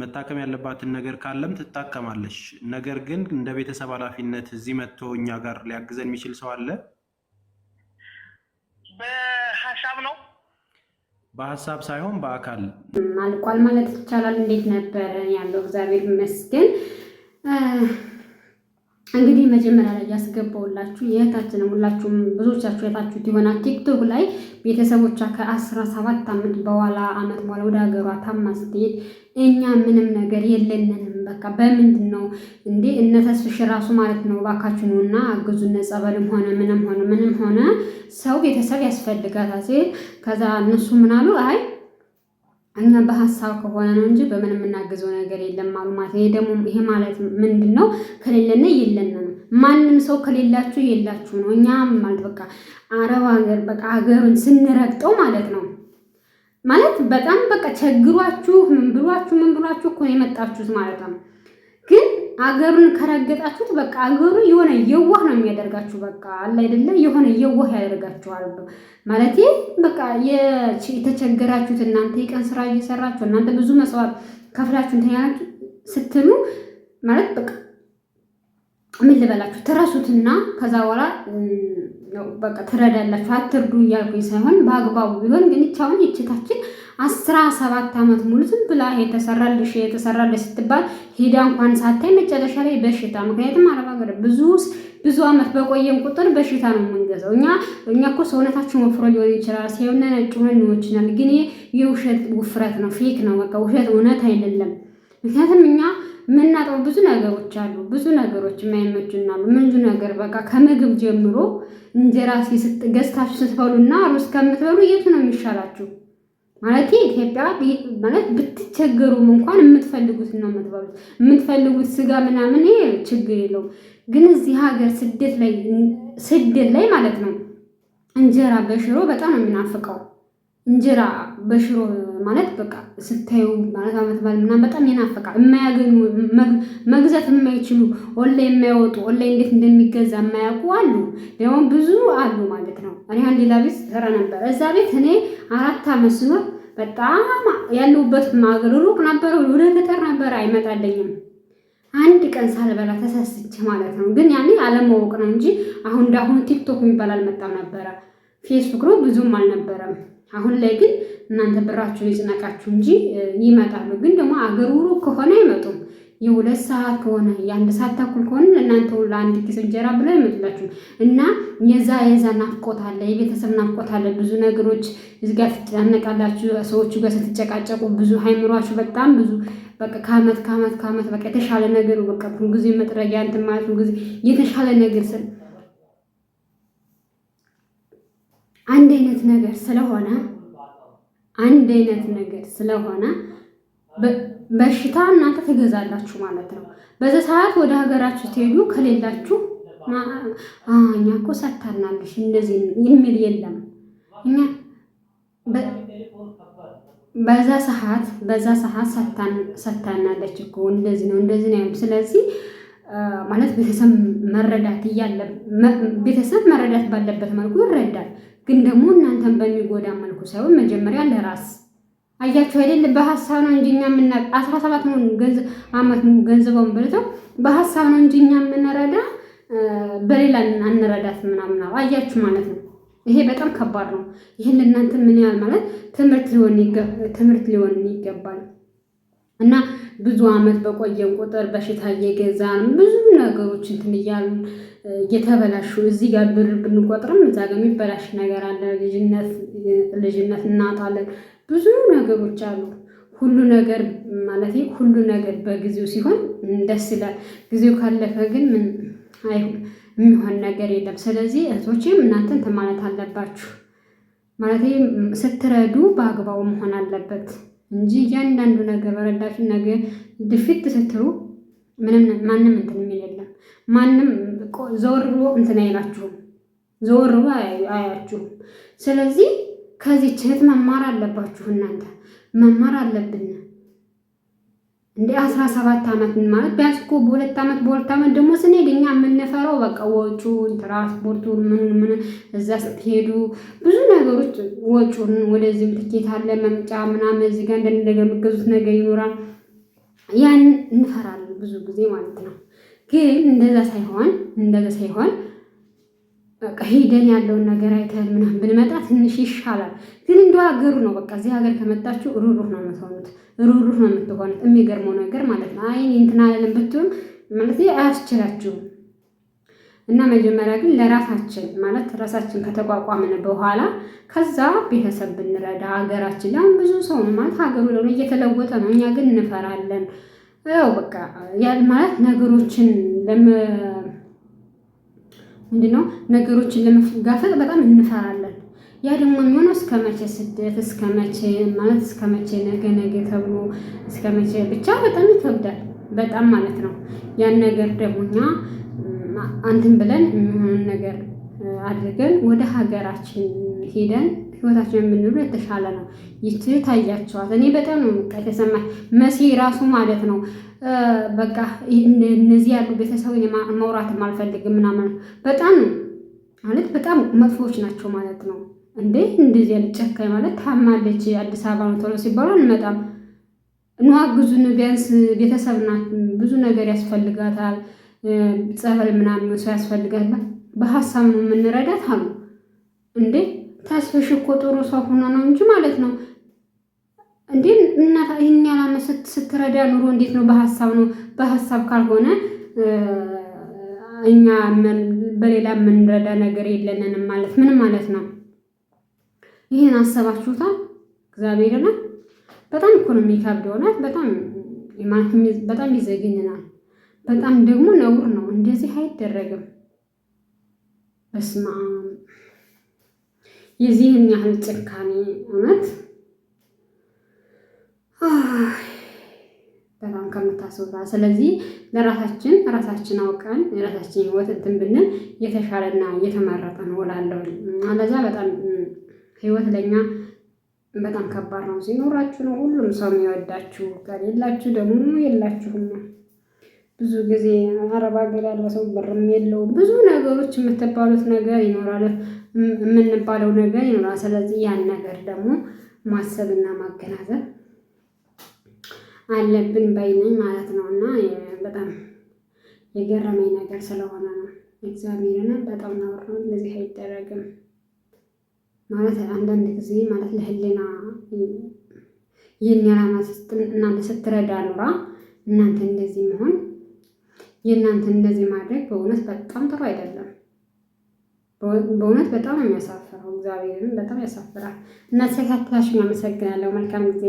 መታከም ያለባትን ነገር ካለም ትታከማለች። ነገር ግን እንደ ቤተሰብ ኃላፊነት እዚህ መጥቶ እኛ ጋር ሊያግዘን የሚችል ሰው አለ? በሀሳብ ነው በሀሳብ ሳይሆን በአካል አልቋል ማለት ይቻላል። እንዴት ነበር ያለው? እግዚአብሔር ይመስገን። እንግዲህ መጀመሪያ ላይ ያስገባውላችሁ የእህታችንን ሁላችሁም ብዙዎቻችሁ የታችሁት ይሆናል። ቲክቶክ ላይ ቤተሰቦቿ ከአስራ ሰባት ዓመት በኋላ ዓመት በኋላ ወደ ሀገሯ ታማ ስትሄድ እኛ ምንም ነገር የለንንም በቃ በምንድን ነው እንዴ? እነ ተስፍሽ ራሱ ማለት ነው እባካችሁ ነውና አግዙ። እነ ጸበልም ሆነ ምንም ሆነ ምንም ሆነ ሰው ቤተሰብ ያስፈልጋታል ሲል ከዛ እነሱ ምናሉ አይ እኛ በሀሳብ ከሆነ ነው እንጂ በምን የምናግዘው ነገር የለም አሉ ማለት ነው። ደግሞ ይሄ ማለት ምንድን ነው? ከሌለነ ነው። ማንም ሰው ከሌላችሁ የላችሁ ነው። እኛም ማለት በቃ አረብ ሀገር በቃ ሀገሩን ስንረግጠው ማለት ነው ማለት በጣም በቃ ቸግሯችሁ ምን ብሏችሁ ምን ብሏችሁ እኮ የመጣችሁት ማለት ነው ግን አገሩን ከረገጣችሁት በቃ አገሩ የሆነ የዋህ ነው የሚያደርጋችሁ። በቃ አለ አይደለ የሆነ የዋህ ያደርጋችኋል። ማለት በቃ የተቸገራችሁት እናንተ የቀን ስራ እየሰራችሁ እናንተ ብዙ መስዋዕት ከፍላችሁ እንትን ስትሉ ማለት በቃ ምን ልበላችሁ ትረሱትና ከዛ በኋላ በቃ ትረዳላችሁ። አትርዱ እያልኩኝ ሳይሆን በአግባቡ ቢሆን ግን ይቻውን ይችታችን አስራ ሰባት ዓመት ሙሉ ዝም ብላ የተሰራልሽ የተሰራልሽ ስትባል ሄዳ እንኳን ሳታይ መጨረሻ ላይ በሽታ። ምክንያቱም አረብ ሀገር ብዙ ብዙ ዓመት በቆየን ቁጥር በሽታ ነው የምንገዛው። እኛ እኛ እኮ ሰውነታችን ወፍሮ ሊሆን ይችላል፣ ሲሆነ ነጭ ሆነ ሊሆን ይችላል። ግን የውሸት ውፍረት ነው፣ ፌክ ነው። በቃ ውሸት እውነት አይደለም። ምክንያቱም እኛ የምናጠው ብዙ ነገሮች አሉ፣ ብዙ ነገሮች የማይመቹና አሉ። ምንዙ ነገር በቃ ከምግብ ጀምሮ እንጀራ ገዝታችሁ ስትበሉና ሩዝ ከምትበሉ የቱ ነው የሚሻላችሁ? ማለት ኢትዮጵያ ማለት ብትቸገሩም እንኳን የምትፈልጉት ነው የምትበሉት። የምትፈልጉት ስጋ ምናምን ችግር የለውም። ግን እዚህ ሀገር ስደት ላይ ስደት ላይ ማለት ነው እንጀራ በሽሮ በጣም ነው የሚናፍቀው። እንጀራ በሽሮ ማለት በቃ ስታዩ ማለት አመት በዓል ምናምን በጣም ይናፍቃል። የማያገኙ መግዛት የማይችሉ ኦንላይን የማይወጡ ኦንላይን እንዴት እንደሚገዛ የማያውቁ አሉ፣ ደግሞ ብዙ አሉ ማለት ነው። እኔ አንድ ሌላ ቤት ሰራ ነበር። እዛ ቤት እኔ አራት አመት ስኖር በጣም ያለሁበት ሀገር ሩቅ ነበረ፣ ወደ ገጠር ነበረ፣ አይመጣልኝም አንድ ቀን ሳልበላ ተሳስቼ ማለት ነው። ግን ያኔ አለማወቅ ነው እንጂ አሁን እንዳሁኑ ቲክቶክ የሚባል አልመጣም ነበረ፣ ፌስቡክ ነው ብዙም አልነበረም። አሁን ላይ ግን እናንተ ብራችሁ ይጽነቃችሁ እንጂ ይመጣሉ። ግን ደግሞ አገሩ ሩቅ ከሆነ አይመጡም። የሁለት ሰዓት ከሆነ የአንድ ሰዓት ተኩል ከሆነ እናንተ አንድ ኪስ እንጀራ ብለው ይመጡላችሁ እና የዛ የዛ ናፍቆት አለ፣ የቤተሰብ ናፍቆት አለ። ብዙ ነገሮች እዚጋ ትጨነቃላችሁ፣ ሰዎቹ ጋር ስትጨቃጨቁ ብዙ ሀይምሯችሁ በጣም ብዙ በቃ ከአመት ከአመት ከአመት በቃ የተሻለ ነገር በቃ ጊዜ መጥረጊያ እንትን ማለት ጊዜ የተሻለ ነገር ስል አንድ አይነት ነገር ስለሆነ አንድ አይነት ነገር ስለሆነ በሽታ እናንተ ትገዛላችሁ ማለት ነው። በዛ ሰዓት ወደ ሀገራችሁ ትሄዱ ከሌላችሁ እኛ እኮ ሰታናለሽ እንደዚህ የሚል የለም። እኛ በዛ ሰዓት በዛ ሰዓት ሰታናለች እኮ እንደዚህ ነው እንደዚህ ነው። ስለዚህ ማለት ቤተሰብ መረዳት እያለ ቤተሰብ መረዳት ባለበት መልኩ ይረዳል። ግን ደግሞ እናንተን በሚጎዳ መልኩ ሳይሆን መጀመሪያ ለራስ አያቸው አይደል? በሀሳብ ነው እንጂ እኛ የምናውቅ አስራ ሰባት መሆን አመት ገንዘበውን በልተው በሀሳብ ነው እንጂ እኛ የምንረዳ በሌላ አንረዳት ምናምን አያችሁ ማለት ነው። ይሄ በጣም ከባድ ነው። ይህን እናንተ ምን ያህል ማለት ትምህርት ሊሆን ይገባል። እና ብዙ አመት በቆየን ቁጥር በሽታ እየገዛን ብዙ ነገሮች እንትን እያሉ እየተበላሹ እዚህ ጋር ብር ብንቆጥርም እዛ ጋር የሚበላሽ ነገር አለ። ልጅነት እናጣለን። ብዙ ነገሮች አሉ። ሁሉ ነገር ማለት ሁሉ ነገር በጊዜው ሲሆን ደስ ይላል። ጊዜው ካለፈ ግን ምን የሚሆን ነገር የለም። ስለዚህ እናንተ እናንተን ማለት አለባችሁ ማለት ስትረዱ በአግባቡ መሆን አለበት እንጂ እያንዳንዱ ነገር በረዳችሁ ነገር ድፊት ስትሩ ምንም ማንም እንትን የሚል የለም። ማንም ዘወርሮ እንትን አይላችሁም፣ ዘወር አያችሁም። ስለዚህ ከዚህ እህት መማር አለባችሁ እናንተ መማር አለብን። እንደ አስራ ሰባት ዓመት ማለት ቢያንስ እኮ በሁለት ዓመት በሁለት ዓመት ደግሞ ስንሄድ እኛ የምንፈራው በቃ ወጪውን፣ ትራንስፖርቱን፣ ምን ምን እዛ ስትሄዱ ብዙ ነገሮች ወጪውን፣ ወደዚህም ትኬት አለ መምጫ ምናምን እዚህ ጋር እንደምገዙት ነገር ይኖራል። ያን እንፈራለን ብዙ ጊዜ ማለት ነው። ግን እንደዛ ሳይሆን እንደዛ ሳይሆን በቃ ሄደን ያለውን ነገር አይተን ምናምን ብንመጣ ትንሽ ይሻላል። ግን እንደ ሀገሩ ነው። በቃ እዚህ ሀገር ከመጣችሁ ሩሩህ ነው የምትሆኑት፣ ሩሩህ ነው የምትሆኑት። የሚገርመው ነገር ማለት ነው። አይ እንትን አለልን ማለት አያስችላችሁም። እና መጀመሪያ ግን ለራሳችን ማለት ራሳችን ከተቋቋምን በኋላ ከዛ ቤተሰብ ብንረዳ ሀገራችን ያን ብዙ ሰው ማለት ሀገሩ ለሆነ እየተለወጠ ነው። እኛ ግን እንፈራለን። ያው በቃ ማለት ነገሮችን ምንድነው ነገሮችን ለመጋፈጥ በጣም እንፈራለን። ያ ደግሞ የሚሆነው እስከ መቼ ስደት፣ እስከ መቼ ማለት እስከ መቼ ነገ ነገ ተብሎ እስከ መቼ ብቻ በጣም ይከብዳል፣ በጣም ማለት ነው። ያን ነገር ደግሞ እኛ አንድን ብለን የሚሆንን ነገር አድርገን ወደ ሀገራችን ሄደን ህይወታችን የምንሉ የተሻለ ነው። ይች ታያቸዋል። እኔ በጣም ነው በቃ የተሰማኝ መሲ ራሱ ማለት ነው። በቃ እነዚህ ያሉ ቤተሰብ መውራት አልፈልግም ምናምን በጣም ነው ማለት በጣም መጥፎች ናቸው ማለት ነው። እንዴ እንደዚህ ያለ ጨካኝ ማለት ታማለች፣ አዲስ አበባ ነው ቶሎ ሲባሉ እንመጣም ኗ ግዙን ቢያንስ ቤተሰብ ናት፣ ብዙ ነገር ያስፈልጋታል፣ ጸበል ምናምን ሰው ያስፈልጋታል፣ በሀሳብ ነው የምንረዳት አሉ እንዴ ተስፍሽ እኮ ጥሩ ሰው ሆኖ ነው እንጂ ማለት ነው እንዴ እናታ ይህን ያላመ ስትረዳ ኑሮ እንዴት ነው? በሀሳብ ነው። በሀሳብ ካልሆነ እኛ በሌላ የምንረዳ ነገር የለንም ማለት ምን ማለት ነው? ይህን አሰባችሁታል? እግዚአብሔር ነው በጣም እኮ ነው የሚከብድ ሆናት። በጣም በጣም ይዘግንናል። በጣም ደግሞ ነውር ነው። እንደዚህ አይደረግም። በስመ አብ የዚህን ያህል ጭካኔ እውነት በጣም ከምታስወራ። ስለዚህ ለራሳችን ራሳችን አውቀን የራሳችን ህይወት እንትን ብንል የተሻለና የተመረጠ ነው እላለሁ። አለዛ በጣም ህይወት ለኛ በጣም ከባድ ነው። ሲኖራችሁ ነው ሁሉም ሰው የሚወዳችሁ፣ ከሌላችሁ ደግሞ የላችሁም ነው። ብዙ ጊዜ አረብ ሀገር ያለ ሰው ብርም የለውም። ብዙ ነገሮች የምትባሉት ነገር ይኖራል፣ የምንባለው ነገር ይኖራል። ስለዚህ ያን ነገር ደግሞ ማሰብና ማገናዘብ አለብን ባይነኝ ማለት ነው። እና በጣም የገረመኝ ነገር ስለሆነ ነው። እግዚአብሔርን በጣም ናወራ እንደዚህ አይደረግም ማለት አንዳንድ ጊዜ ማለት ለህሊና ይህን ያላማ እናንተ ስትረዳ ኑራ እናንተ እንደዚህ መሆን የእናንተ እንደዚህ ማድረግ በእውነት በጣም ጥሩ አይደለም። በእውነት በጣም የሚያሳፍረው እግዚአብሔርን በጣም ያሳፍራል። እና ስለተከታተላችሁ አመሰግናለሁ። መልካም ጊዜ